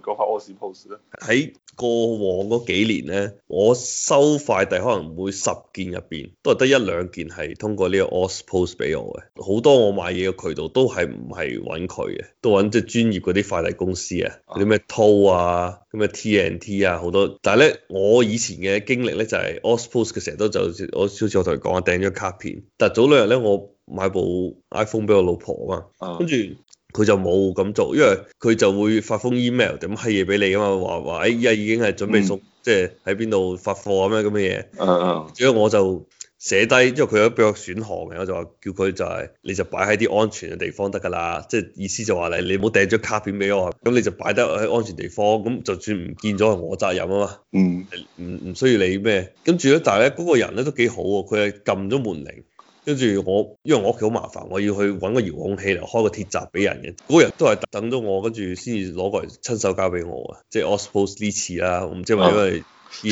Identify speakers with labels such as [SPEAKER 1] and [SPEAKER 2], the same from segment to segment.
[SPEAKER 1] 再
[SPEAKER 2] 講下 AusPost 咧，喺過往嗰幾年咧，我收快遞可能每十件入邊都係得一兩件係通過呢個 AusPost 俾我嘅，好多我買嘢嘅渠道都係唔係揾佢嘅，都揾即係專業嗰啲快遞公司有啊，嗰啲咩 Toll 啊，咁嘅 TNT 啊，好多。但係咧，我以前嘅經歷咧就係、是、AusPost 佢成日都就是、我上次我同佢講啊，訂咗卡片。但係早兩日咧，我買部 iPhone 俾我老婆啊嘛，跟住、uh。Huh. 佢就冇咁做，因為佢就會發封 email 咁閪嘢俾你啊嘛，話話哎呀已經係準備送，嗯、即係喺邊度發貨啊咩咁嘅嘢。嗯嗯。所以我就寫低，因為佢有俾我選項嘅，我就話叫佢就係、是、你就擺喺啲安全嘅地方得㗎啦。即係意思就話你你唔好掟張卡片俾我，咁你就擺得喺安全地方。咁就算唔見咗係我責任啊嘛。嗯。唔唔需要你咩？跟住咧，但係咧嗰個人咧都幾好喎，佢係撳咗門鈴。跟住我，因為我屋企好麻煩，我要去搵個遙控器嚟開個鐵閘俾人嘅。嗰、那、日、個、都係等咗我，跟住先至攞過嚟親手交俾我嘅，即係我 suppose 呢次啦。唔知係咪因為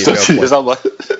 [SPEAKER 2] 上邊嘅新
[SPEAKER 1] 聞，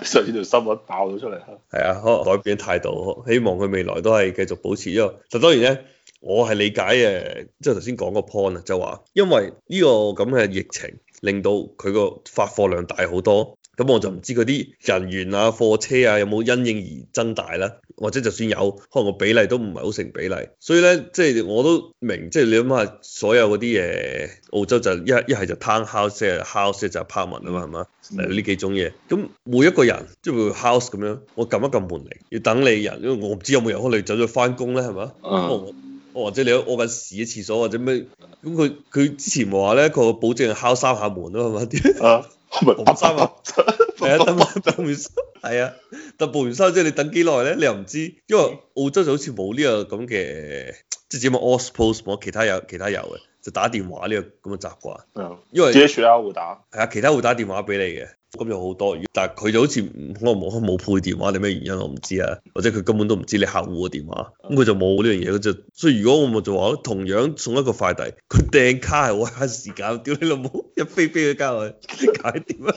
[SPEAKER 1] 上次條新聞爆咗出嚟。
[SPEAKER 2] 係啊，可、嗯、能改變啲態度，希望佢未來都係繼續保持因、這個。但當然咧，我係理解誒，即係頭先講個 point 啊，就話因為呢個咁嘅疫情，令到佢個發貨量大好多。咁我就唔知佢啲人員啊、貨車啊有冇因應而增大啦，或者就算有，可能個比例都唔係好成比例。所以咧，即係我都明，即係你諗下，所有嗰啲嘢，澳洲就一一係就 town house，即係 house 就係 apartment 啊嘛，係嘛？呢幾種嘢，咁、嗯、每一個人即係譬如 house 咁樣，我撳一撳門嚟，要等你人，因為我唔知有冇人可能你走咗翻工咧，係嘛？啊、我、哦、或者你喺屙緊屎嘅廁所或者咩？咁佢佢之前話咧，佢保證敲三下門啊，係嘛啲？ 係咪報衫啊，係啊，等埋等完，係啊，但報完衫之後你等幾耐咧？你又唔知，因為澳洲就好似冇呢個咁嘅，即係只不過 all post 冇其他有其他有嘅，就打電話呢個咁嘅習慣，
[SPEAKER 1] 嗯，雞因為 JCL、啊、會
[SPEAKER 2] 打，係啊，其他會打電話俾你嘅。咁有好多，但係佢就好似我唔可冇配電話，你咩原因，我唔知啊，或者佢根本都唔知你客戶嘅電話，咁佢就冇呢樣嘢，佢就所以如果我咪就話同樣送一個快遞，佢掟卡係搵下時間，屌你老母，一飛飛去交去，佢搞掂啊。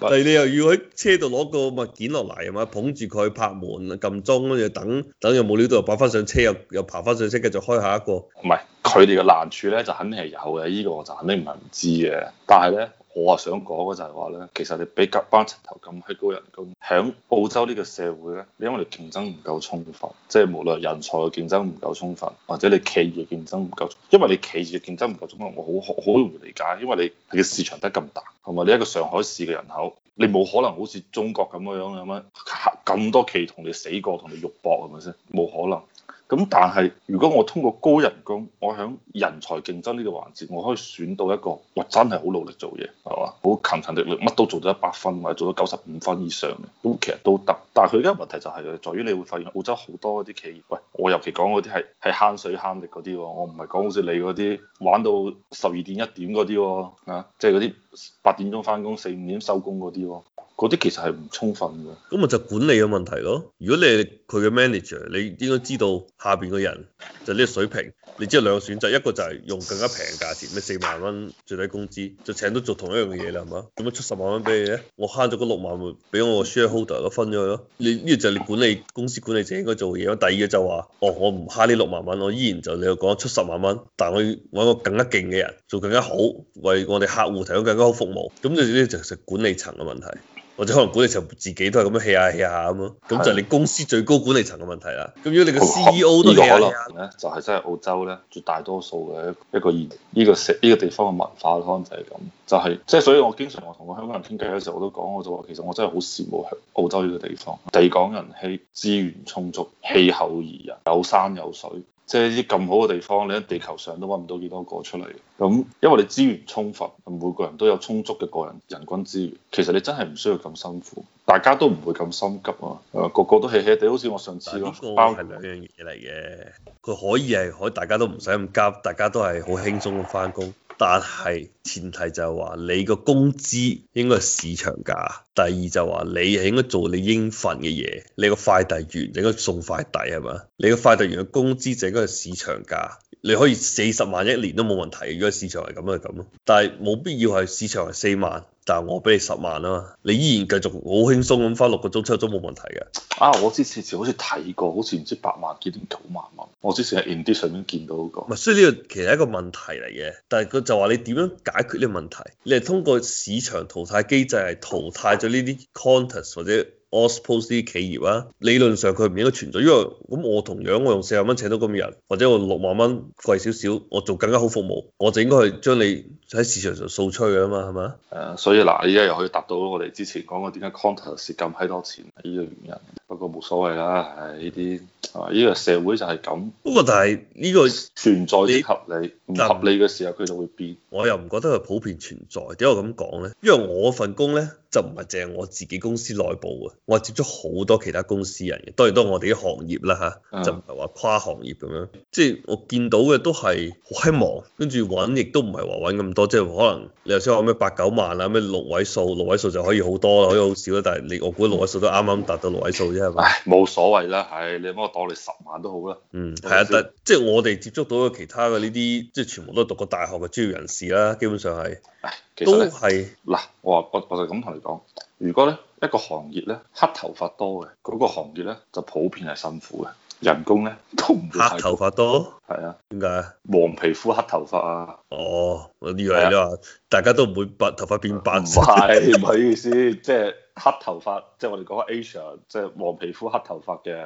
[SPEAKER 2] 但係你又要喺車度攞個物件落嚟啊嘛，捧住佢拍門撳鐘，跟住等等又冇料到又擺翻上車，又又爬翻上車，繼續開下一個，
[SPEAKER 1] 唔係佢哋嘅難處咧就肯定係有嘅，呢、這個我就肯定唔係唔知嘅，但係咧。我啊想講嘅就係話咧，其實你俾隔班層頭咁 high 高人工，喺澳洲呢個社會咧，你因為你競爭唔夠充分，即係無論人才嘅競爭唔夠充分，或者你企業嘅競爭唔夠充分，因為你企業嘅競爭唔夠充分，我好好容易理解，因為你嘅市場得咁大，同埋你一個上海市嘅人口，你冇可能好似中國咁樣咁樣咁多企同你死過同你肉搏係咪先？冇可能。咁但係，如果我通過高人工，我喺人才競爭呢個環節，我可以選到一個，哇！真係好努力做嘢，係嘛？好勤勤力力，乜都做到一百分或者做到九十五分以上嘅，咁其實都得。但係佢而家問題就係喎，在於你會發現澳洲好多嗰啲企業，喂，我尤其講嗰啲係係慳水慳力嗰啲喎，我唔係講好似你嗰啲玩到十二點一點嗰啲喎，啊，即係嗰啲八點鐘翻工，四五點收工嗰啲喎。嗰啲其實係唔充分
[SPEAKER 2] 嘅。咁咪就管理嘅問題咯。如果你係佢嘅 manager，你應該知道下邊嘅人就呢個水平。你只有兩個選擇，一個就係用更加平嘅價錢，你四萬蚊最低工資就請到做同一樣嘢啦，係嘛？做乜出十萬蚊俾你咧？我慳咗嗰六萬蚊，俾我 shareholder 都分咗佢咯。你呢個就係你管理公司管理者應該做嘅嘢咯。第二嘅就話，哦，我唔慳呢六萬蚊，我依然就你又講出十萬蚊，但係我揾個更加勁嘅人做更加好，為我哋客戶提供更加好服務。咁呢啲就係管理層嘅問題。或者可能管理層自己都係咁樣氣下氣下咁咯，咁就係你公司最高管理層嘅問題啦。咁如果你 CE 個 CEO 都係可能呢咧就係真係澳洲咧，絕大多數嘅一個呢、呢個呢、呢個地方嘅文化
[SPEAKER 1] 可能就係咁，就係即係所以我經常我同我香港人傾偈嘅時候我都講，我就話其實我真係好羨慕澳洲呢個地方，地廣人稀，資源充足，氣候宜人，有山有水。即係啲咁好嘅地方，你喺地球上都揾唔到幾多個出嚟。咁因為你資源充分，每個人都有充足嘅個人人均資源。其實你真係唔需要咁辛苦，大家都
[SPEAKER 2] 唔會咁心急啊。誒，
[SPEAKER 1] 個個都 hea hea 哋，好似我上次咯。呢個係兩樣嘢嚟嘅。
[SPEAKER 2] 佢可以係可，大家都唔使咁急，大家都係好輕鬆咁翻工。但係前提就話你個工資應該係市場價，第二就話你係應該做你應份嘅嘢，你個快遞員你應該送快遞係嘛？你個快遞員嘅工資就應該係市場價，你可以四十萬一年都冇問題，如果市場係咁就咁咯。但係冇必要係市場係四萬。但係我俾你十萬啊嘛，你依然繼續好輕鬆咁返六個鐘七個鐘冇問題嘅。啊，我之前好似睇過，好似唔知八萬幾定九萬蚊。我之前喺 Index 上面見到嗰個。唔係，所以呢個其實係一個問題嚟嘅。但係佢就話你點樣解決呢個問題？你係通過市場淘汰機制係淘汰咗呢啲 contest 或者。我 suppose 啲企業啊，理論上佢唔應該存在，因為咁我同樣我用四萬蚊請到咁嘅人，或者我六萬蚊貴少少，我做更加好服務，我就應該係將你喺市場上掃出去啊嘛，係咪啊？
[SPEAKER 1] 所以嗱，依家又可以達到我哋之前講過點解 counter 蝕咁閪多錢呢個原因。不過冇所謂啦，唉、哎，呢啲啊，呢、呢個社會就係咁。不過但係呢、呢個存在係合理，唔合理嘅時候佢就會變。
[SPEAKER 2] 我又唔覺得佢普遍存在，點解我咁講咧？因為我份工咧。就唔係淨係我自己公司內部嘅，我係接觸好多其他公司人嘅。當然都係我哋啲行業啦吓，嗯、就唔係話跨行業咁樣。即係我見到嘅都係好希望，跟住揾亦都唔係話揾咁多。即係可能你頭先話咩八九萬啊，咩六位數六位數就可以好多啦，可以好少啦。但係你我估六位數都啱啱達到六位數啫，係嘛？冇所
[SPEAKER 1] 謂啦。係，你幫我當你十萬都好啦。
[SPEAKER 2] 嗯，係啊，但即係我哋接觸到嘅其他嘅呢啲，即係全部都係讀過大學嘅專業人士啦，基本上係。都係嗱，我話我我就咁同你講，如果咧一個行業咧
[SPEAKER 1] 黑頭髮多嘅，嗰個行業咧就普遍係辛苦嘅，人工咧都黑
[SPEAKER 2] 頭髮多，係啊的，點解啊？黃皮膚黑頭髮啊？哦，我以為你話大家都唔會白頭髮變白曬，唔係唔係，唔好
[SPEAKER 1] 意思，即係 黑頭髮。即係我哋講下 Asia，即係黃、啊啊啊啊、黃皮膚黑頭髮嘅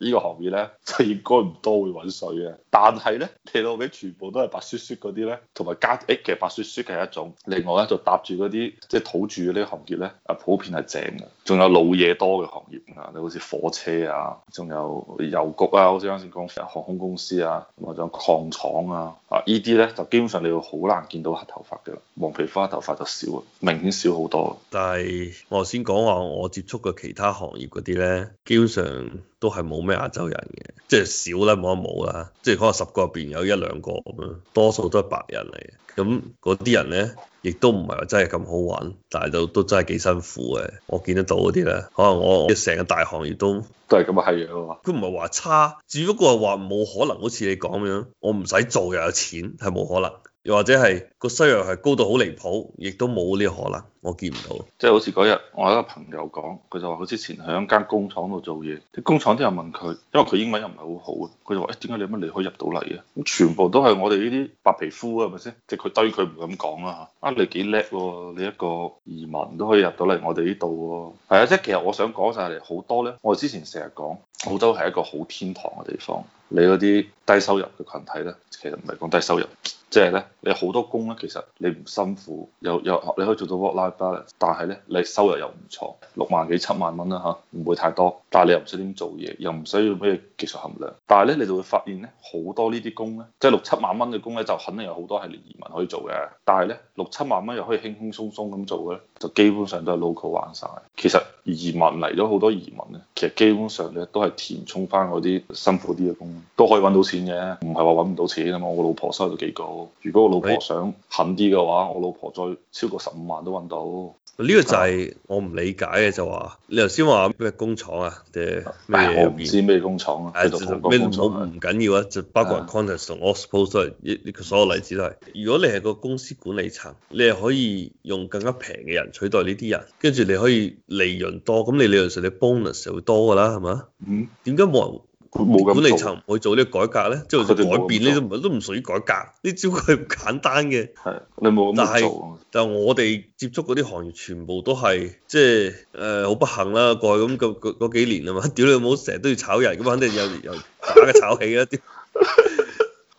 [SPEAKER 1] 呢
[SPEAKER 2] 個行業咧，就應該唔多會揾
[SPEAKER 1] 水嘅。但係咧，地攤尾全部都係白雪雪嗰啲咧，同埋加誒，其實白雪雪係一種。另外咧，就搭住嗰啲即係土著呢啲行業咧，啊普遍係正嘅。仲有老嘢多嘅行業啊，你好似火車啊，仲有郵局啊，好似啱先講航空公司啊，或者仲有礦廠啊，啊呢啲咧就基本上你會好難見到黑頭髮嘅啦，黃皮膚黑頭髮就少啊，明顯少好多。
[SPEAKER 2] 但係我先講話我接觸。個其他行業嗰啲咧，基本上都係冇咩亞洲人嘅，即係少啦，冇一冇啦，即係可能十個入邊有一兩個咁樣，多數都係白人嚟嘅。咁嗰啲人咧，亦都唔係話真係咁好玩，但係都都真係幾辛苦嘅。我見得到嗰啲咧，可能我成個大行業都都係咁嘅係樣啊嘛。佢唔係話差，只不過係話冇可能好似你講咁樣，我唔使做又有錢，係冇可能，又或者係，個需求係高到好離譜，亦都冇呢個可能，我見唔到。
[SPEAKER 1] 即係好似嗰日我有一個朋友講，佢就話佢之前喺一間工廠度做嘢，
[SPEAKER 2] 啲工廠啲人問
[SPEAKER 1] 佢，因為佢英文又唔係好好嘅，佢就話：誒點解你乜樣你可以入到嚟嘅？全部都係我哋呢啲白皮膚啊，係咪先？即係佢對佢唔敢講啦嚇。啊，你幾叻喎？你一個移民都可以入到嚟我哋呢度喎。係啊，即係其實我想講晒你好多咧。我哋之前成日講澳洲係一個好天堂嘅地方，你嗰啲低收入嘅群體咧，其實唔係講低收入，即係咧你好多工。其實你唔辛苦，又又你可以做到 work life balance，但係咧你收入又唔錯，六萬幾七萬蚊啦嚇，唔會太多，但係你又唔使點做嘢，又唔需要咩技術含量。但係咧，你就會發現咧，好多呢啲工咧，即係六七萬蚊嘅工咧，就肯定有好多係你移民可以做嘅。但係咧，六七萬蚊又可以輕輕鬆鬆咁做嘅咧。就基本上都係 local 玩晒。其實移民嚟咗好多移民咧，其實基本上咧都係填充翻嗰啲辛苦啲嘅工，都可以揾到錢嘅，唔係話揾唔到錢啊嘛。我老婆收入幾高，如果我老婆想狠啲嘅話，我老婆再超過十五萬都揾到。
[SPEAKER 2] 呢個就係我唔理解嘅，就話你頭先話咩工廠啊？即係我唔知咩工廠啊。喺度咩工廠唔緊要啊，就包括 contest，唉，我 suppose，呢呢個所有例子都係。如果你係個公司管理層，你係可以用更加平嘅人。取代呢啲人，跟住你可以利潤多，咁你理論上你 bonus 就會多㗎啦，係嘛？嗯，點解冇人佢冇管理層去做呢個改革咧？即係改變呢啲唔都唔屬於改革，呢招佢簡單嘅。係你冇，但係是但係我哋接觸嗰啲行業全部都係即係誒好不幸啦，過去咁個幾年啊嘛，屌你冇成日都要炒人，咁肯定有又打嘅炒起一啲。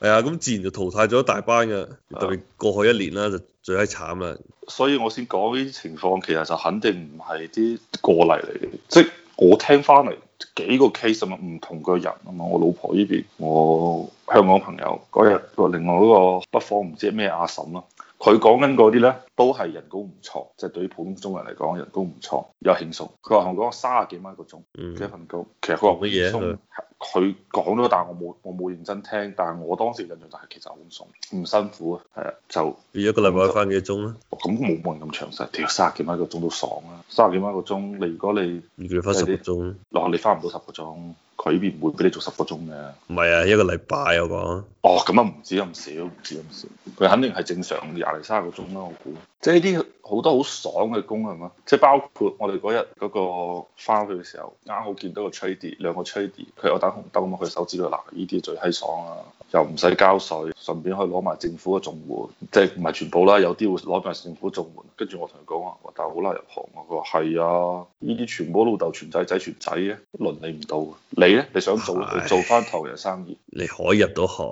[SPEAKER 2] 係啊，咁、哎、自然就淘汰咗一大班噶，特別過去一年啦，就最係慘啦。啊、所以我先講呢啲情況，其實就肯定唔係啲個例嚟嘅，
[SPEAKER 1] 即我聽翻嚟幾個 case 啊嘛，唔同嘅人啊嘛，我老婆呢邊，我香港朋友嗰日，那另外嗰個北方唔知咩阿嬸啦。佢講緊嗰啲咧，都係人工唔錯，即、就、係、是、對於普通中國人嚟講，人工唔錯，又輕鬆。佢話同我講三十幾蚊一個鐘嘅一份工，嗯、其實佢話乜嘢？佢講咗，但係我冇我冇認真聽。但係我當時印象就係其實好鬆，唔辛苦啊。係啊，就一個禮拜翻幾多鐘咧？咁冇問咁詳細。屌，三十幾蚊一個鐘都爽啊！三十幾蚊一個鐘，你如果你你十係你落學、哦，你翻唔到十個鐘。佢唔會俾你做十個鐘嘅，唔係啊，一個禮拜、啊、我講。哦，咁啊唔止咁少，唔止咁少，佢肯定係正常廿嚟卅個鐘啦、啊，我估。即係呢啲好多好爽嘅功能啊，即係包括我哋嗰日嗰個翻去嘅時候，啱好見到個 tradie 兩個 tradie，佢有打紅燈啊，佢手指度嗱，呢啲最閪爽啊，又唔使交稅，順便可以攞埋政府嘅綜援，即係唔係全部啦，有啲會攞埋政府綜援。跟住我同佢講話，但係好難入行啊。佢話係啊，呢啲全部老豆傳仔仔傳仔嘅，輪你唔到。啊。你咧，你想做唉做翻頭人生意，你可以入到行，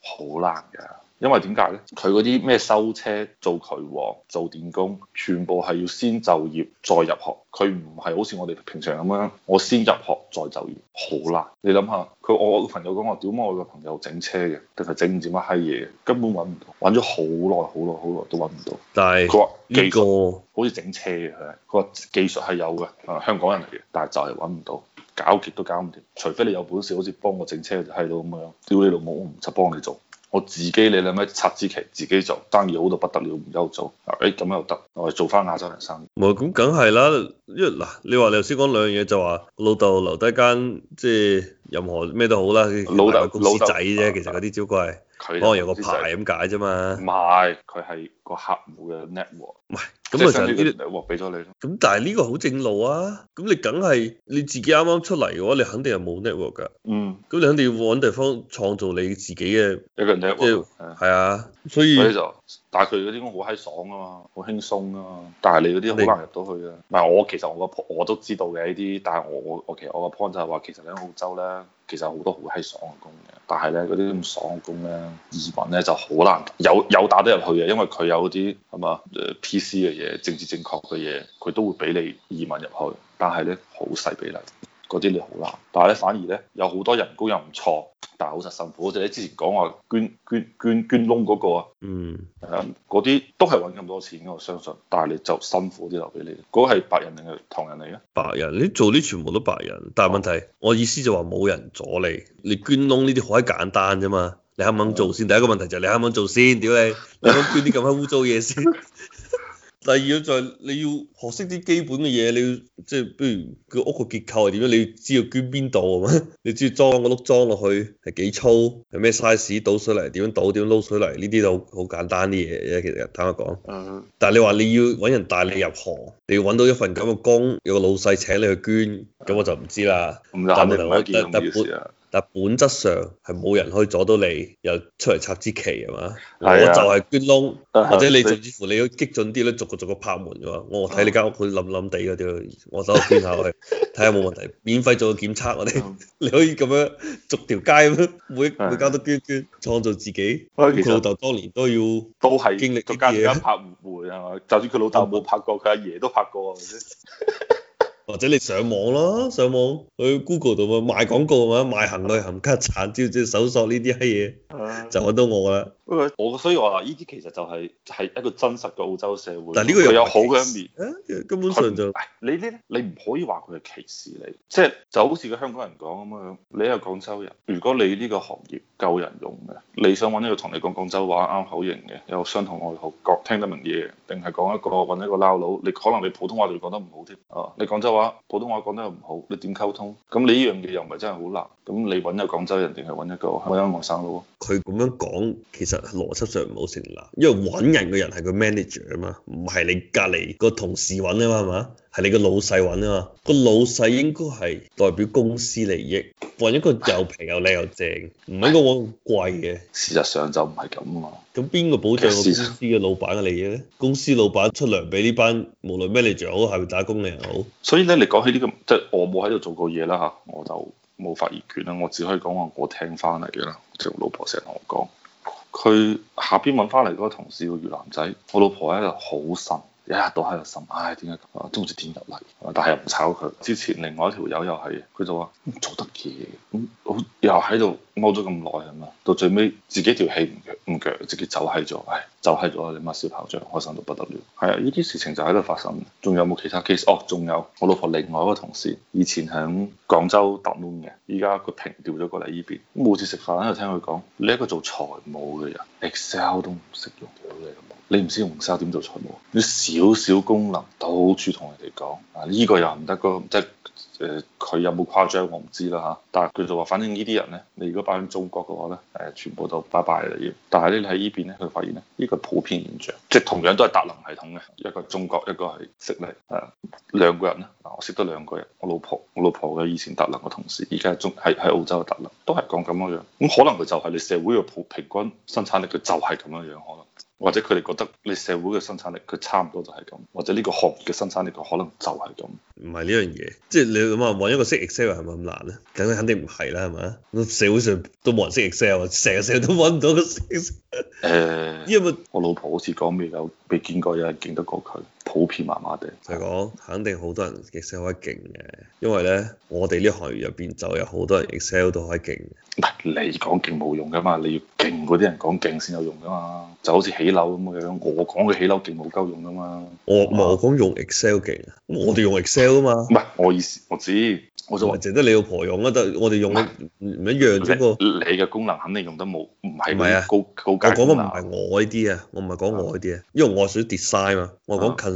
[SPEAKER 1] 好難㗎。因為點解咧？佢嗰啲咩修車、做渠王、做電工，全部係要先就業再入學。佢唔係好似我哋平常咁樣，我先入學再就業。好難，你諗下佢我個朋友講話，屌我個朋友整車嘅定係整唔知乜閪嘢，根本揾唔到，揾咗好耐好耐好耐都揾唔到。但係佢話技術、這個、好似整車嘅佢話技術係有嘅，係香港人嚟嘅？但係就係揾唔到，搞極都搞唔掂，除非你有本事，好似幫我整車喺度咁樣，屌你老母，我唔出幫你做。我自己你諗下插支旗，自己做生意好到不得了，唔憂做。哎咁又得，我哋做翻亞洲人生。
[SPEAKER 2] 唔係咁梗係啦，因為你你一嗱你話你頭先講兩樣嘢就話老豆留低間即係任何咩都好啦，老豆爸公司仔啫，爸其實嗰啲招牌爸。佢可能有個牌咁解啫嘛，唔係，
[SPEAKER 1] 佢係個客
[SPEAKER 2] 戶嘅 network，唔係，咁就呢啲 network 俾咗你咯。咁但係呢個好正路啊，咁你梗係你自己啱啱出嚟嘅話，你肯定係冇 network 噶。嗯，咁你肯定要搵地方創造你自己嘅一個 network，係啊，所以
[SPEAKER 1] 但係佢嗰啲工好閪爽啊嘛，好輕鬆啊。但係你嗰啲好難入到去啊。唔係你 我其實我個我都知道嘅呢啲，但係我我我其實我個 point 就係話，其實喺澳洲咧，其實好多好閪爽嘅工嘅。但係咧嗰啲咁爽嘅工咧，移民咧就好難有有打得入去嘅，因為佢有嗰啲係嘛誒 PC 嘅嘢，政治正確嘅嘢，佢都會俾你移民入去。但係咧好細比例，嗰啲你好難。但係咧反而咧有好多人工又唔錯。但係好實辛苦，好似你之前講話捐捐捐捐窿嗰個啊，嗯，係啊，嗰啲都係揾咁多錢嘅，我相信。但係你就辛苦啲留俾你，
[SPEAKER 2] 嗰個係白人定係唐人嚟嘅？白人，你做啲全部都白人。但係問題，我意思就話冇人阻你，你捐窿呢啲好閪簡單啫嘛。你肯唔肯做先？是的 第一個問題就係你肯唔肯做先？屌你肯肯，你肯捐啲咁閪污糟嘢先？ 第二個就係你要學識啲基本嘅嘢，你要即係，譬如個屋個結構係點樣，你要知道捐邊度係嘛？你知裝個碌裝落去係幾粗，係咩 size 倒水泥，點樣倒，點樣撈水泥，呢啲就好簡單啲嘢嘅啫，其實，坦白講，但係你話你要揾人帶你入行，你要揾到一份咁嘅工，有個老細請你去捐，咁我就唔知啦。咁你肯定唔係一嗱，本質上係冇人可以阻到你，又出嚟插支旗係嘛？
[SPEAKER 1] 啊、我就係
[SPEAKER 2] 捐窿，啊、或者你甚至乎你激進啲咧，逐個逐個拍門㗎。我睇你間屋好冧冧地㗎屌，我走去鑽下去，睇下冇問題。 免費做個檢測我哋，啊、 你可以咁樣逐條街咁樣，每，每家捐一每間都捐捐，創造自己。佢老豆當年都要都係經歷啲嘢，家拍門
[SPEAKER 1] 門係嘛？就算佢老豆冇拍過，佢阿爺都拍過。
[SPEAKER 2] 或者你上網咯，上網去 Google 度賣廣告啊嘛，行內行，行家產，只要搜索呢啲閪嘢，就揾到我噶啦。
[SPEAKER 1] 我 Okay. 所以我話呢啲其實就係係一個真實嘅澳洲社會，但呢個又有好
[SPEAKER 2] 嘅一面，根本上就
[SPEAKER 1] 你啲你唔可以話佢係歧視你，即係就好似個香港人講咁樣，你係廣州人，如果你呢個行業夠人用嘅，你想揾一個同你講廣州話啱口型嘅，有相同愛好、講聽得明嘢，定係講一個揾一個撈佬，你可能你普通話仲講得唔好添啊，你廣州話、普通話講得又唔好，你點溝通？咁你呢樣嘢又唔係真係好難，咁你揾一個廣州人定係揾一個香港？揾一
[SPEAKER 2] 個外省佬。佢咁樣講其實。邏輯上唔好成立，因為搵人嘅人係個 manager 啊嘛，唔係你隔籬個同事搵啊嘛，係嘛？係你個老細搵啊嘛。個老細應該係代表公司利益，或者佢又平又靚又正，唔應該搵咁貴嘅。事實上就唔係咁啊。咁邊個保障公司嘅老闆嘅利益咧？公司老闆出糧俾呢班，無論 manager 好，係咪打工嘅人好。
[SPEAKER 1] 所以咧，你講起呢個，即係我冇喺度做過嘢啦吓，我就冇發言權啦。我只可以講我聽翻嚟嘅啦，即係老婆成日同我講。佢下邊搵返嚟嗰個同事叫越南仔，我老婆喺度好神。一日、啊、倒喺度心唉，點解咁？都好似點入嚟？但係又唔炒佢。之前另外一條友又係，佢就話、嗯、做得嘢，咁、嗯、好又喺度踎咗咁耐啊嘛，到最尾自己條氣唔唔夾，直接走喺咗，唉，走喺咗你媽小炮仗，開心到不得了。係啊，呢啲事情就喺度發生。仲有冇其他 case？哦，仲有我老婆另外一個同事，以前喺廣州揼嘅，依家佢平調咗過嚟呢邊。每次食飯喺度聽佢講，你一個做財務嘅人，Excel 都唔識用嘅。你唔知紅沙點做財務，你少少功能，到處同人哋講啊！呢、這個又唔得，㗎即係誒佢有冇誇張我，我唔知啦嚇。但係佢就話：，反正呢啲人咧，你如果擺喺中國嘅話咧，誒、啊、全部都拜拜啦要。但係咧，你喺呢邊咧，佢發現咧，呢、這個普遍現象，即係同樣都係達能系統嘅，一個係中國，一個係悉尼，係、啊、兩個人咧。嗱，我識得兩個人，我老婆，我老婆嘅以前達能嘅同事，而家仲喺喺澳洲達能，都係講咁樣樣。咁可能佢就係你社會嘅普平均生產力，佢就係咁樣樣可能。或者佢哋覺得你社會嘅生產力佢差唔多就係咁，或者呢個行業嘅生產力佢可能就係咁。唔
[SPEAKER 2] 係呢樣嘢，即係你咁啊，揾一個識 Excel 係咪咁難咧？咁肯定唔係啦，係咪？社會上都冇人識 Excel，成日成日都揾唔到個識 Excel。
[SPEAKER 1] 欸，因為我老婆好似講咩有，未
[SPEAKER 2] 見過有人見得過佢。普遍麻麻地，就係講肯定好多人 Excel 可以勁嘅，因為咧我哋呢行業入邊就有好多人 Excel 都可以勁嘅。唔係你講勁
[SPEAKER 1] 冇用噶嘛，你要勁嗰啲人講勁先有用噶嘛。就好似起樓咁嘅樣，我講嘅起樓
[SPEAKER 2] 勁冇夠用噶嘛。我我講用 Excel 勁，我哋用 Excel 啊嘛。唔係我意思，我知，我就話淨得你老婆用啊，得我哋用唔一樣啫。你嘅功能肯定用得冇唔係咁高高，我講嘅唔係我呢啲啊，我唔係講我呢啲啊，因為我 design 啊嘛，我講近。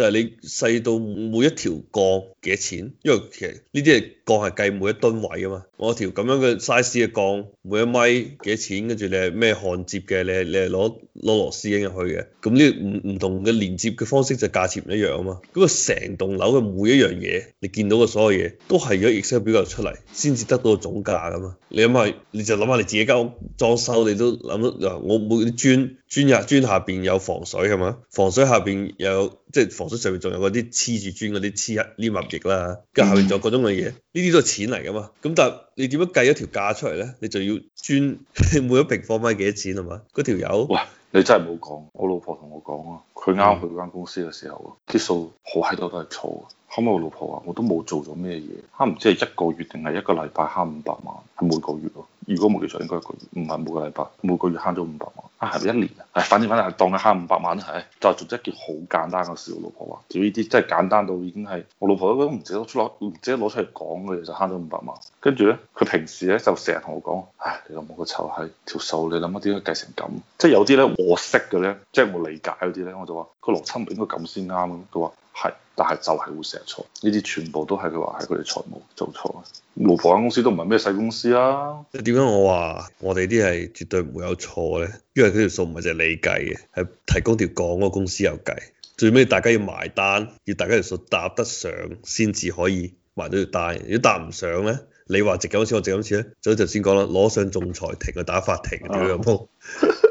[SPEAKER 2] 就係你細到每一條鋼幾多錢？因為其實呢啲係鋼係計每一噸位㗎嘛。我條咁樣嘅 size 嘅鋼，每一米幾多錢？跟住你係咩焊接嘅？你係你係攞攞螺絲擰入去嘅。咁呢唔唔同嘅連接嘅方式就價錢唔一樣啊嘛。咁啊成棟樓嘅每一樣嘢，你見到嘅所有嘢都係如 Excel 表格出嚟先至得到總價噶嘛。你諗下，你就諗下你自己間屋裝修，你都諗到。嗱。我每啲磚磚入磚下邊有防水係嘛？防水下邊有。即係防水上面仲有嗰啲黐住磚嗰啲黐黏密液啦，跟住下面仲有各種嘅嘢，呢啲都係錢嚟噶嘛。咁但係你點樣計一條價出嚟咧？你就要磚每一平方米幾多錢係嘛？嗰條友，喂，
[SPEAKER 1] 你真係唔好講。我老婆同我講啊，佢啱去嗰間公司嘅時候啊，啲數好閪多都係錯。可唔可以？我老婆話，我都冇做咗咩嘢，慳唔知係一個月定係一個禮拜慳五百萬，係每個月咯。如果冇記錯，應該唔係每個禮拜，每個月慳咗五百萬。啊，係咪一年啊？唉、哎，反正反正係當佢慳五百萬啦。唉、哎，就做咗一件好簡單嘅事。我老婆話：做呢啲真係簡單到已經係我老婆都唔捨得攞，唔捨得攞出嚟講嘅嘢就慳咗五百萬。跟住咧，佢平時咧就成日同我講：唉、哎，你諗我個籌係、哎、條數，你諗點解計成咁，即係有啲咧我識嘅咧，即係我理解嗰啲咧，我就話個邏輯唔應該咁先啱。佢話係。但係就係會成日錯，呢啲全部都係佢話係佢哋財務做錯。無房間公司都唔係咩細公司
[SPEAKER 2] 啊。點解我話我哋啲係絕對唔會有錯咧？因為嗰條數唔係淨係你計嘅，係提供條槓嗰個公司有計。最尾大家要埋單，要大家條數答得上先至可以埋到條單。如果答唔上咧，你話值幾多錢？我值幾多錢咧？所以就先講啦，攞上仲裁庭去打法庭咁樣。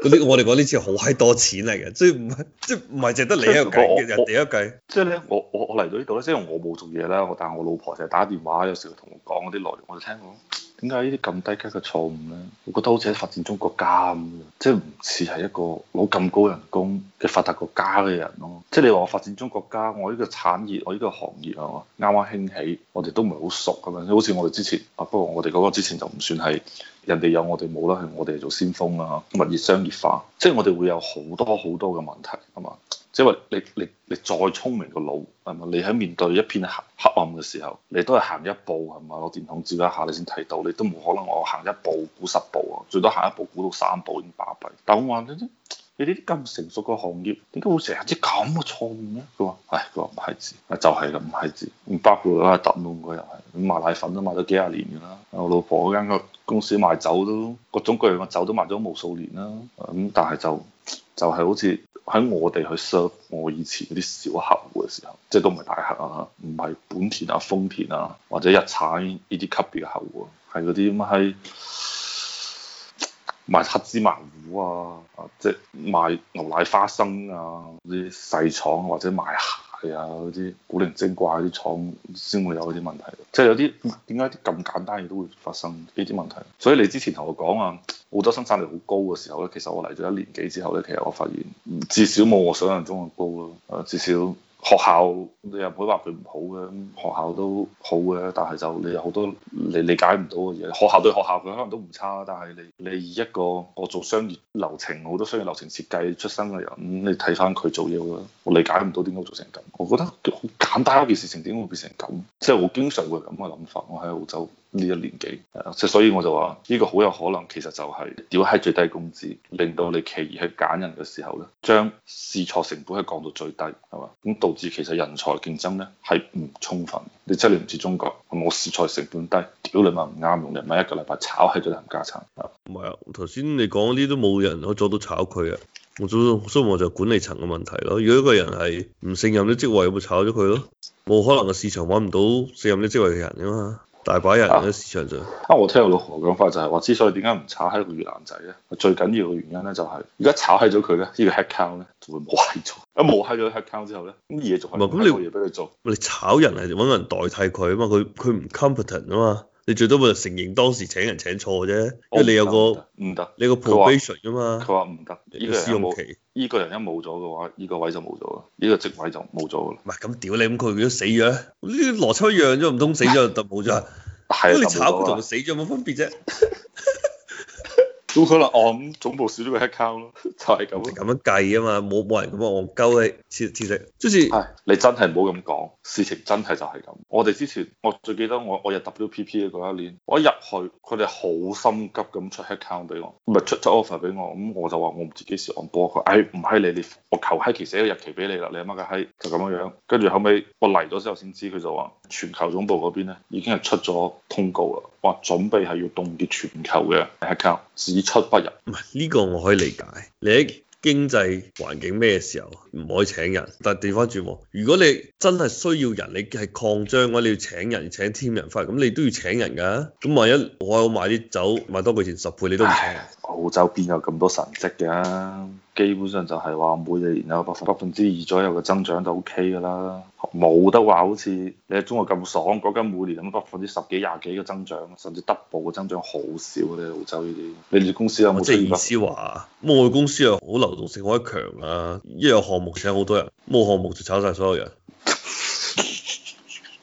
[SPEAKER 2] 我哋講呢次好閪多錢嚟嘅，所以唔係即係唔係淨得你一個計嘅，就第一計。即係咧，我我我嚟
[SPEAKER 1] 到呢度咧，即係我冇做嘢啦。我，我但係我老婆成日打電話，有時同我講嗰啲內容，我就聽過點解呢啲咁低級嘅錯誤咧？我覺得好似喺發展中國家咁樣，即係唔似係一個攞咁高人工嘅發達國家嘅人咯。即係你話我發展中國家，我呢個產業，我呢個行業係嘛啱啱興起，我哋都唔係好熟噉樣。好似我哋之前，不過我哋嗰個之前就唔算係。人哋有我哋冇啦，係我哋做先鋒啊！物業商業化，即係我哋會有好多好多嘅問題啊嘛！即係話你你你再聰明個腦，係咪？你喺面對一片黑黑暗嘅時候，你都係行一步係嘛？攞電筒照一下你先睇到，你都冇可能我行一步估十步啊！最多行一步估到三步已經巴閉。但係我話你你啲咁成熟嘅行業，點解會成日啲咁嘅錯誤咧？佢話：，唉，佢話唔係字，就係咁唔係字，唔包括啦，特務嗰又係，賣奶粉都賣咗幾廿年噶啦。我老婆嗰間公司賣酒都各種各樣嘅酒都賣咗無數年啦。咁、嗯、但係就就係、是、好似喺我哋去 serve 我以前嗰啲小客戶嘅時候，即係都唔係大客啊，唔係本田啊、豐田啊或者日產呢啲級別嘅客戶，係嗰啲咁喺。賣黑芝麻糊啊，啊即係賣牛奶花生啊，啲細廠或者賣鞋啊，嗰啲古靈精怪啲廠先會有嗰啲問題，即係有啲點解啲咁簡單嘢都會發生呢啲問題？所以你之前同我講啊，澳洲生產力好高嘅時候咧，其實我嚟咗一年幾之後咧，其實我發現至少冇我想象中咁高咯，啊至少。學校你又唔可以話佢唔好嘅，學校都好嘅，但係就你有好多你理解唔到嘅嘢。學校對學校佢可能都唔差，但係你你以一個我做商業流程，好多商業流程設計出身嘅人，你睇翻佢做嘢我理解唔到點解會做成咁。我覺得好簡單一件事情點解會變成咁？即係我經常會有咁嘅諗法，我喺澳洲。呢一年幾，即所以我就話呢、呢個好有可能其實就係屌喺最低工資，令到你企業去揀人嘅時候咧，將試錯成本係降到最低，係嘛？咁導致其實人才競爭咧係唔充分，你真係唔似中國，我試錯成本低，屌你咪唔啱用人咪一個
[SPEAKER 2] 禮拜炒係最林家晨。唔係啊，頭先你講嗰啲都冇人可以做到炒佢啊。我做，所以我就管理層嘅問題咯。如果一個人係唔勝任啲職位，會炒咗佢咯。冇可能個市場揾唔到勝任啲職位嘅人㗎嘛？大把人喺市場上啊，啊！我聽我
[SPEAKER 1] 老婆講法就係、是、話，之所以點解唔炒喺個越南仔咧，最緊要嘅原因咧就係、是，而家炒喺咗佢
[SPEAKER 2] 咧，呢、這個 headcount 咧就會冇喺做，
[SPEAKER 1] 啊冇閪咗 headcount 之後咧，咁嘢仲係冇嘢俾佢做。
[SPEAKER 2] 你炒人嚟揾人代替佢啊嘛，佢佢唔 competent 啊嘛，你最多咪承認當時請人請錯啫，因為你有個唔得，你個 probation 啊嘛，佢話唔得，依個試用期。
[SPEAKER 1] 呢個人一冇咗嘅話，呢個位就冇咗啦，呢個職位就
[SPEAKER 2] 冇咗啦。唔係咁屌你咁，佢佢都死咗，呢羅秋陽都唔通死咗就冇咗？咁你炒同死咗有冇分別啫？都可能哦，咁總部少咗個 headcount 咯，就係咁。咁樣計啊嘛，冇冇人咁戇鳩嘅，知知識。即係，你真係唔好咁講，
[SPEAKER 1] 事情真係就係咁。我哋之前，我最記得我我入 WPP 嘅嗰一年，我一入去，佢哋好心急咁出 headcount 俾我，咪出咗 offer 俾我，咁我就話我唔知幾時 on board 佢。唉、哎，唔係你你，我求 Hickey 寫個日期俾你啦，你乜嘅閪？就咁樣樣。跟住後尾我嚟咗之後先知，佢就話全球總部嗰邊咧已經係出咗通告啦，話準備係要凍結全球嘅 headcount 出不入，唔係
[SPEAKER 2] 呢個我可以理解。你喺經濟環境咩時候唔可以請人？但調翻轉，如果你真係需要人，你係擴張嘅話，你要請人請添人翻嚟，咁你都要請人㗎啊。咁萬一我買啲酒買多倍錢十倍，你都唔請人？
[SPEAKER 1] 澳洲邊有咁多神蹟㗎啊？基本上就係話，每年有百分百分之二左右嘅增長都 O K 㗎啦，冇得話好似你喺中國咁爽，嗰間每年咁百分之十幾廿幾嘅增長，甚至 double 嘅增長好少咧，澳洲呢啲。
[SPEAKER 2] 你哋公司有冇即係意思話？咁我哋公司啊，好流動性好強啊，一有項目請好多人，冇項目就炒晒所有人。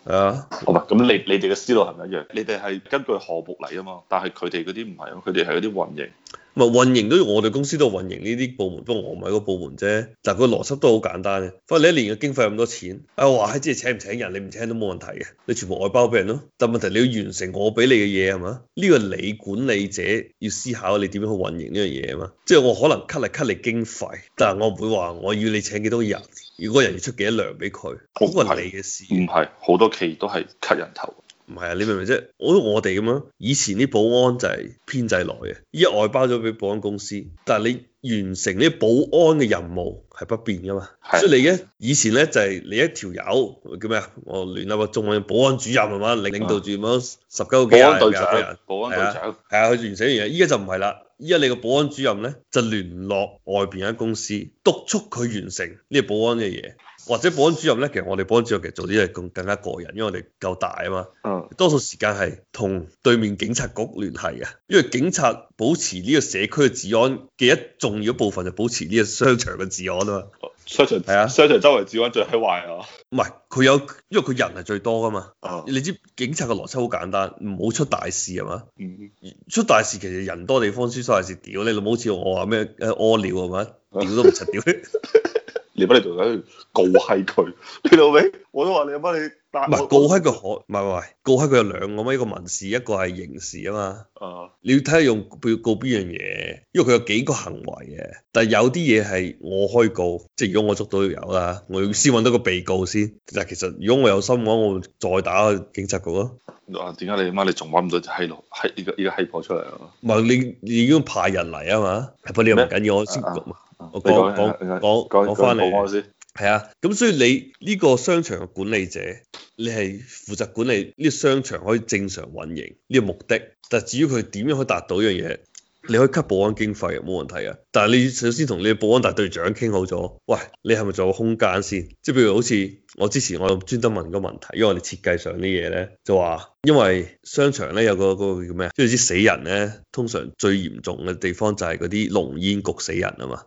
[SPEAKER 2] 啊，好唔好？咁你你哋嘅思路係咪一樣，你哋係根據項目嚟啊嘛，
[SPEAKER 1] 但係佢哋嗰啲唔係咯，佢哋係嗰啲運營。
[SPEAKER 2] 咪運營都，我哋公司都運營呢啲部門，不過我唔係個部門啫。但係佢邏輯都好簡單嘅。反正你一年嘅經費咁多錢，啊哇，即係請唔請人，你唔請都冇問題嘅。你全部外包俾人咯。但係問題你要完成我俾你嘅嘢係嘛？呢個你管理者要思考你點樣去運營呢樣嘢啊嘛。即係我可能 cut 嚟 cut 嚟經費，但係我唔會話我要你請幾多人，如果人要出幾多糧俾佢，嗰個係你嘅事。唔係，好多企業都係 cut 人頭。唔係啊，你明唔明啫？我都我哋咁咯。以前啲保安就係編制內嘅，依家外包咗俾保安公司。但係你完成呢保安嘅任務係不變噶嘛？即以你咧以前咧就係你一條友叫咩啊？我聯絡中文保安主任係嘛？你領導住十鳩幾，十幾十保安隊長，保安隊長係啊，佢、啊、完成完嘢。依家就唔係啦，依家你個保安主任咧就聯絡外邊一間公司，督促佢完成呢個保安嘅嘢。或者保安主任咧，其實我哋保安主任其實做啲嘢，更更加過癮，因為我哋夠大啊嘛。嗯、多數時間係同對面警察局聯繫嘅，因為警察保持呢個社區嘅治安嘅一重要部分就保持呢個商場嘅治安啊嘛。商場睇下，啊、商場周圍
[SPEAKER 1] 治安最係壞啊！
[SPEAKER 2] 唔係佢有，因為佢人係最多噶嘛。嗯、你知警察嘅邏輯好簡單，唔好出大事係嘛？出大事其實人多地方先所謂事屌你老母，好似我話咩屙尿係嘛，屌都唔出屌。屌 你乜你做緊告閪佢？你老味？我都話你乜你打唔係告閪佢可唔係？喂，告閪佢有兩個乜？一個民事，一個係刑事啊嘛。哦、啊。你要睇下用要告邊樣嘢，因為佢有幾個行為嘅。但係有啲嘢係我可以告，即係如果我捉到要有啦，我要先揾到個被告先。但其實如果我有心嘅話，我會再打去警察局
[SPEAKER 1] 咯。啊？點解你媽你仲揾唔到隻閪佬？閪依家
[SPEAKER 2] 依家閪婆出嚟啊？唔係你，你已經派人嚟啊嘛？你又不過呢個唔緊要緊緊我，我先、啊。啊啊我講講講講翻嚟先，係啊，咁所以你呢個商場嘅管理者，你係負責管理呢個商場可以正常運營呢個目的，但係至於佢點樣可以達到呢樣嘢，你可以給保安經費冇問題啊，但係你首先同你嘅保安大隊長傾好咗，喂，你係咪仲有空間先？即係譬如好似。我之前我專登問個問題，因為我哋設計上啲嘢咧，就話因為商場咧有個嗰個叫咩？即係啲死人咧，通常最嚴重嘅地方就係嗰啲濃煙焗死人啊嘛。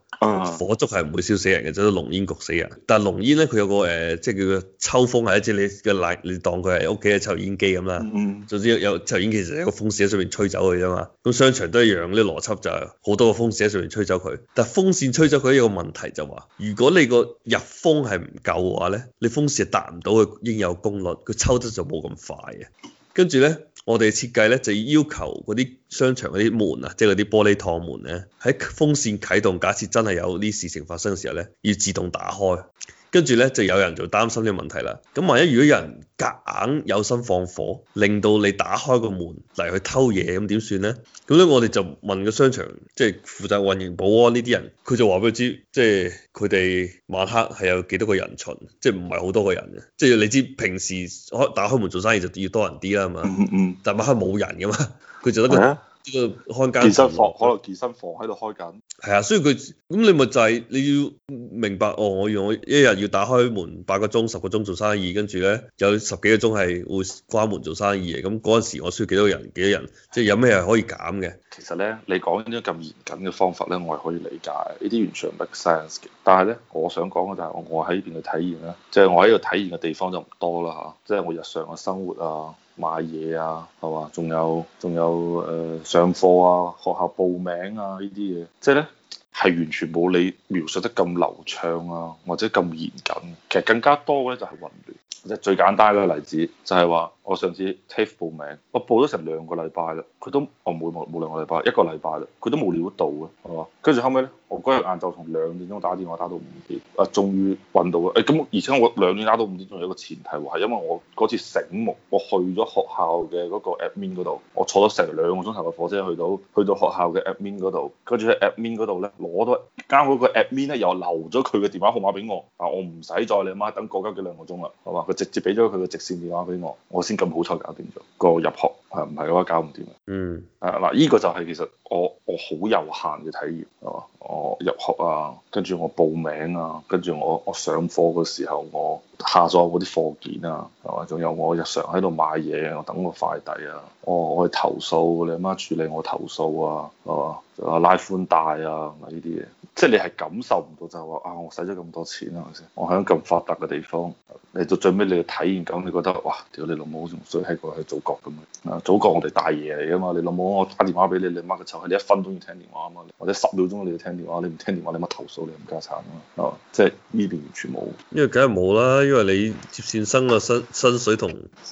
[SPEAKER 2] 火燭係唔會燒死人嘅，就係濃煙焗死人。但係濃煙咧，佢有個誒、呃，即係叫做抽風，係即係你嘅冷，你當佢係屋企嘅抽煙機咁啦。嗯、mm，hmm。總之有，有抽煙機其實係一個風扇喺上面吹走佢啫嘛。咁商場都一樣，啲、這個、邏輯就係好多個風扇喺上面吹走佢。但係風扇吹走佢一個問題就話、是，如果你個入風係唔夠嘅話咧，你風扇達唔到佢應有功率，佢抽得就冇咁快嘅。跟住咧，我哋設計咧就要求嗰啲商場嗰啲門啊，即係嗰啲玻璃趟門咧，喺風扇啟動，假設真係有呢事情發生嘅時候咧，要自動打開。跟住咧就有人就擔心呢個問題啦。咁萬一如果有人夾硬有心放火，令到你打開個門嚟去偷嘢，咁點算咧？咁咧我哋就問個商場，即係負責運營保安呢啲人，佢就話俾佢知，即係佢哋晚黑係有幾多個人巡，即係唔係好多個人嘅。即係你知平時開打開門做生意就要多人啲啦嘛。嗯嗯。但晚黑冇人噶嘛，佢就得個。開
[SPEAKER 1] 間健身房，可能健身房喺度開緊。
[SPEAKER 2] 係啊，所以佢咁你咪就係、是、你要明白哦，我用我一日要打開門八個鐘、十個鐘做生意，跟住咧有十幾個鐘係會關門做生意嘅。咁嗰陣時我需要幾多人？幾多人？即係有咩係可以減嘅？其實咧，你講緊啲咁嚴謹嘅方法咧，我係可以理解。呢啲完全唔 make
[SPEAKER 1] sense 嘅。但係咧，我想講嘅就係、是、我喺呢邊嘅體驗啦，即係我喺度體驗嘅地方就唔多啦吓，即、啊、係、就是、我日常嘅生活啊。買嘢啊，係嘛？仲有仲有誒、呃，上課啊，學校報名啊呢啲嘢，即係咧係完全冇你描述得咁流暢啊，或者咁嚴謹。其實更加多嘅咧，就係混亂，即係最簡單嘅例子就係話，我上次 TAFE 報名，我報咗成兩個禮拜啦，佢都我冇冇冇兩個禮拜，一個禮拜啦，佢都冇料到嘅，係嘛？跟住後尾咧，我嗰日晏晝從兩點鐘打電話打到五點，啊，終於揾到啦！誒、欸，咁而且我兩點打到五點鐘仲有一個前提喎，係因為我嗰次醒目，我去咗學校嘅嗰個 admin 嗰度，我坐咗成兩個鐘頭嘅火車去到，去到學校嘅 admin 嗰度，跟住喺 admin 嗰度咧攞到呢，啱好個 admin 咧又留咗佢嘅電話號碼俾我，嗱、啊，我唔使再你媽等個幾，幾兩個鐘啦，係嘛？佢直接俾咗佢嘅直線電話俾我，我先。咁好彩搞掂咗個入學，係唔係嘅話搞唔掂。嗯，啊嗱，呢、呢個就係其實我我好有限嘅體驗，係嘛。我入學啊，跟住我報名啊，跟住我我上課嘅時候，我下載嗰啲課件啊，係嘛，仲有我日常喺度買嘢，啊，我等個快遞啊，哦，我去投訴，你阿媽處理我投訴啊，係嘛，拉寬帶啊，呢啲嘢？即係你係感受唔到就係話啊，我使咗咁多錢啦，係咪先？我喺咁發達嘅地方，你到最尾你嘅體驗感，你覺得哇，屌你老母，仲衰喺個係祖國咁樣，啊祖國我哋大爺嚟啊嘛，你老母我打電話俾你，你阿媽嘅臭閪，你一分鐘都要聽電話啊嘛，或者十秒鐘你都聽。你唔聽電話，你咪投訴你唔加薪咯，係
[SPEAKER 2] 嘛？即係呢邊完全冇，因為梗係冇啦，因為你接線生個薪薪水同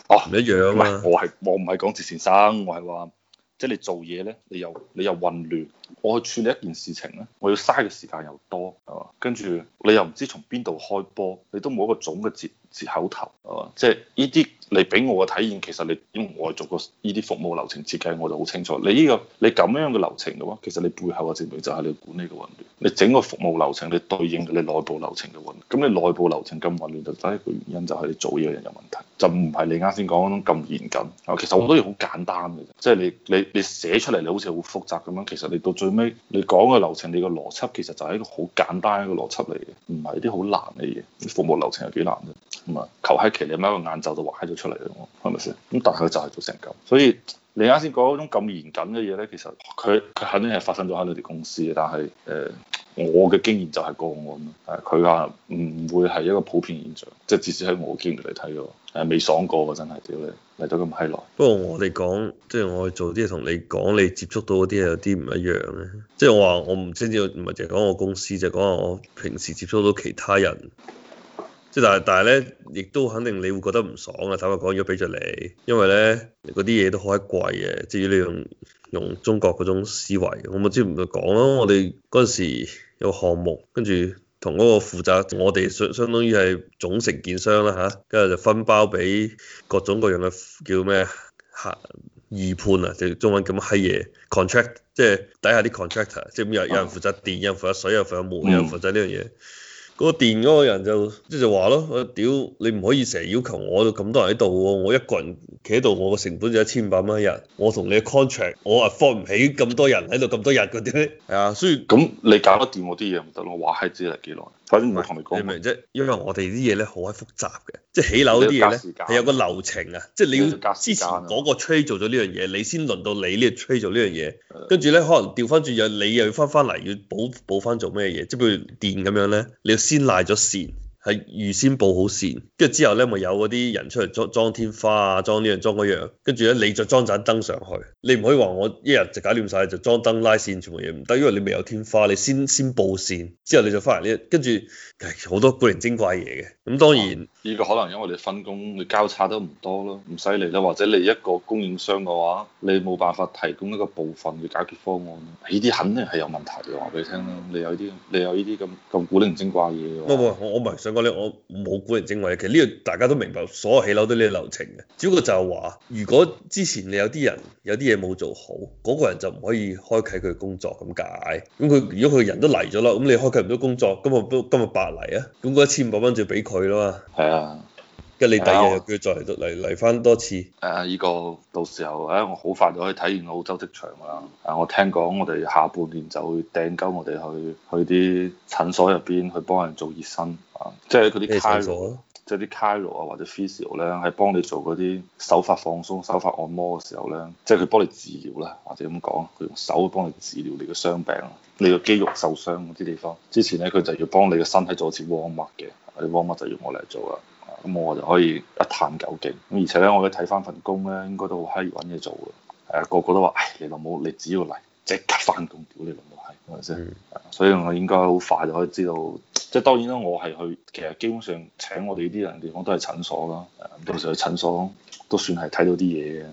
[SPEAKER 2] 哦一樣，啊。唔係、啊，我係我唔係講接線生，我係話即係你
[SPEAKER 1] 做嘢咧，你又你又混亂，我去處理一件事情咧，我要嘥嘅時間又多，係嘛？跟住你又唔知從邊度開波，你都冇一個總嘅節字口頭啊，即係呢啲你俾我嘅體驗，其實你做過呢啲服務流程設計，我就好清楚。你呢個你咁樣嘅流程嘅話，其實你背後嘅證明就係你管理嘅混亂。你整個服務流程，你對應你內部流程嘅混亂。咁你內部流程咁混亂，就第一個原因就係你做嘢嘅人有問題，就唔係你啱先講嗰種咁嚴謹。其實好多嘢好簡單嘅啫，即係你你你寫出嚟你好似好複雜咁樣，其實你到最尾你講嘅流程，你嘅邏輯其實就係一個好簡單嘅邏輯嚟嘅，唔係啲好難嘅嘢。你服務流程係幾難啫。咁啊，求喺期你咪喺個眼罩都畫咗出嚟咯，係咪先？咁但係佢就係做成咁，所以你啱先講嗰種咁嚴謹嘅嘢咧，其實佢佢肯定係發生咗喺你哋公司嘅，但係誒我嘅經驗就係個案，佢話唔會係一個普遍現象，即係至少喺我經驗嚟睇嘅，係未爽過喎，真係屌你，
[SPEAKER 2] 嚟到咁閪耐。不過我哋講，即係我去做啲嘢同你講，你接觸到嗰啲嘢有啲唔一樣咧，即係我話我唔知唔係淨係講我，我公司啫，講我平時接觸到其他人。即係但係，但係咧，亦都肯定你會覺得唔爽啊！坦白講，如果俾咗你，因為咧嗰啲嘢都好閪貴嘅。至於你用用中國嗰種思維，我咪之前唔咪講咯。我哋嗰陣時有項目，跟住同嗰個負責，我哋相相當於係總承建商啦嚇，跟住就分包俾各種各樣嘅叫咩客二判啊，就中文咁閪嘢。contract 即係底下啲 contractor，即係有有人負責電、oh. 有負責，有人負責水，有人負責木，有人負責呢樣嘢。個電嗰個人就即係話咯，屌你唔可以成日要求我咁多人喺度喎，我一個人企喺度，我個成本就一千五百蚊一日，我同你 contract，我啊放唔起咁多人喺度咁多日嗰啲。
[SPEAKER 1] 係啊，所以咁你搞得掂我啲
[SPEAKER 2] 嘢唔得咯，話閪知嚟幾耐，反正唔係同你講。你明唔明啫？因為我哋啲嘢咧好閪複雜嘅。即係起樓嗰啲嘢咧，係有個流程啊！即係你要之前嗰個 trade 做咗呢樣嘢，你先輪到你呢個 trade 做呢樣嘢。跟住咧，可能調翻轉又你又要翻翻嚟要補補翻做咩嘢？即係譬如電咁樣咧，你要先賴咗線。係預先布好線，跟住之後咧，咪有嗰啲人出嚟裝裝天花啊，裝、呢個、呢樣裝嗰樣，跟住咧你再裝盞燈上去，你唔可以話我一日就搞掂晒就裝燈拉線，全部嘢唔得，因為你未有天花，你先先布線，之後你再翻嚟呢，跟住好多古靈精怪嘢嘅。咁當然，
[SPEAKER 1] 呢、啊呢個可能因為你分工，你交叉得唔多咯，唔使利咯，或者你一個供應商嘅話，你冇辦法提供一個部分嘅解決方案，呢啲肯定係有問題，嘅話俾你聽啦，你有啲，你有依啲咁咁古靈精怪嘢，我我
[SPEAKER 2] 唔想。我冇古人證位，其實呢個大家都明白，所有起樓都呢個流程嘅。只不過就係話，如果之前你有啲人有啲嘢冇做好，嗰個人就唔可以開啓佢嘅工作咁解。咁佢如果佢人都嚟咗啦，咁你開啓唔到工作，今日都今日白嚟啊！咁嗰一千五百蚊就俾佢啦嘛。係啊。跟你第二日佢再嚟到嚟嚟翻多次。誒，依個到時候誒，我好快就可以體驗澳洲職
[SPEAKER 1] 場㗎啦。誒，我聽講我哋下半年就會掟鳩我哋去
[SPEAKER 2] 去啲診所
[SPEAKER 1] 入邊去幫人做熱身啊，即係嗰啲卡路，即係啲卡路啊或者 physio 咧，係幫你做嗰啲手法放鬆、手法按摩嘅時候咧，即係佢幫你治療啦，或者咁講，佢用手幫你治療你嘅傷病、你個肌肉受傷嗰啲地方。之前咧佢就要幫你嘅身體做一次 warm up 嘅，你 warm up 就要我嚟做啦。咁我就可以一探究竟。咁而且咧，我都睇翻份工咧，應該都好閪揾嘢做嘅，係啊，個個都話，唉，你老母，你只要嚟，即刻翻工屌你老母係，係咪先？所以，我應該好快就可以知道，即係當然啦，我係去，其實基本上請我哋呢啲人地方都係診所啦，到時去診所都算係睇到啲嘢嘅。